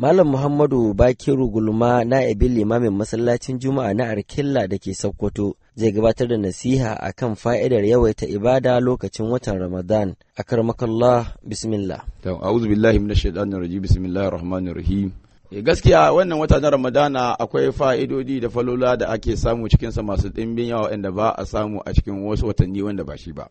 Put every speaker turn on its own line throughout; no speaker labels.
Malam Muhammadu Bakiru Gulma na ibil limamin masallacin Juma'a na Arkilla da ke Sokoto zai gabatar da nasiha a kan fa'idar yawaita ibada lokacin watan Ramadan a karmakallah bismillah. Ta a'udhu billahi minash shaitanir rajim bismillahir rahmanir rahim. Eh, gaskiya wannan wata na Ramadana akwai fa'idodi da falola da ake samu cikinsa masu ɗimbin yawa inda ba a samu a cikin wasu watanni wanda ba shi ba.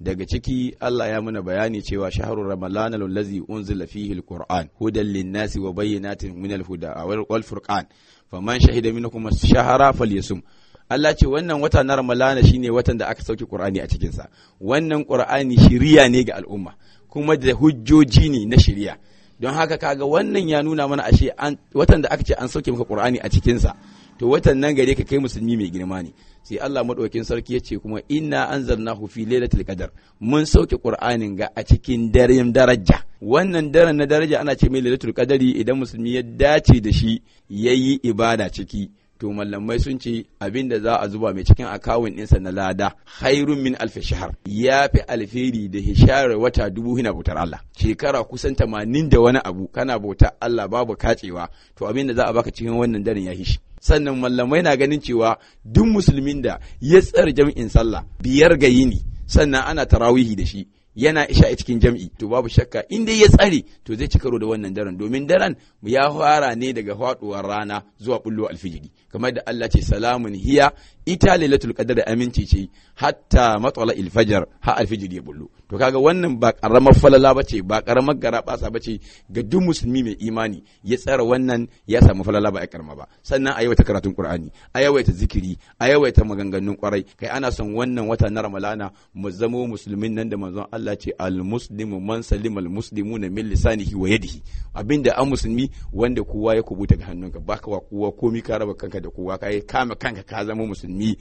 daga ciki Allah ya muna bayani cewa shahru ramadan allazi unzila fihi alquran hudan linnasi wa bayyinatin min alhuda wal furqan faman shahida minkum ash-shahra falyasum Allah ce wannan wata na ramalana shine watan da aka sauke Qur'ani a cikinsa wannan Qur'ani shiriya ne ga al'umma kuma da hujjoji ne na shiriya don haka kaga wannan ya nuna mana ashe watan da aka ce an sauke maka Qur'ani a cikinsa to watan nan gare ka kai musulmi mai girma ne sai Allah madaukakin sarki ya ce kuma inna anzalnahu fi lailatul qadar mun sauke qur'anin ga a cikin daren daraja wannan daren na daraja ana ce mai lailatul qadari idan musulmi ya dace da shi yayi ibada ciki to mallamai sun ce abin da za a zuba mai cikin akawun ɗinsa na lada hairun min alfi shahar ya fi alferi da hishar wata dubu hina bautar Allah shekara kusan tamanin da wani abu kana bautar Allah babu kacewa to abin da za a baka cikin wannan daren ya hishi sannan mallamai na ganin cewa duk musulmin da ya tsare jam'in sallah biyar ga yini sannan ana tarawihi da shi yana isha a cikin jam'i to babu shakka in dai ya tsare to zai ci karo da wannan daren domin daren ya fara ne daga faɗuwar rana zuwa bullo alfijiri kamar da Allah ce salamun hiya ita lailatul qadar aminci ce hatta matsala ilfajar ha alfijir ya bullo to kaga wannan ba karamar falala bace ba karamar gara basa bace ga duk musulmi mai imani ya tsara wannan ya samu falala ba a karma ba sannan a yawaita karatun qur'ani a yawaita zikiri a yawaita maganganun kwarai kai ana son wannan wata na ramalana mu zamo musulmin nan da manzon Allah ce al muslimu man salima al muslimuna min lisanihi wa yadihi abinda an musulmi wanda kowa ya kubuta ga hannunka baka wa kowa komi ka raba kanka da kowa kai kama kanka ka zama musulmi ennemis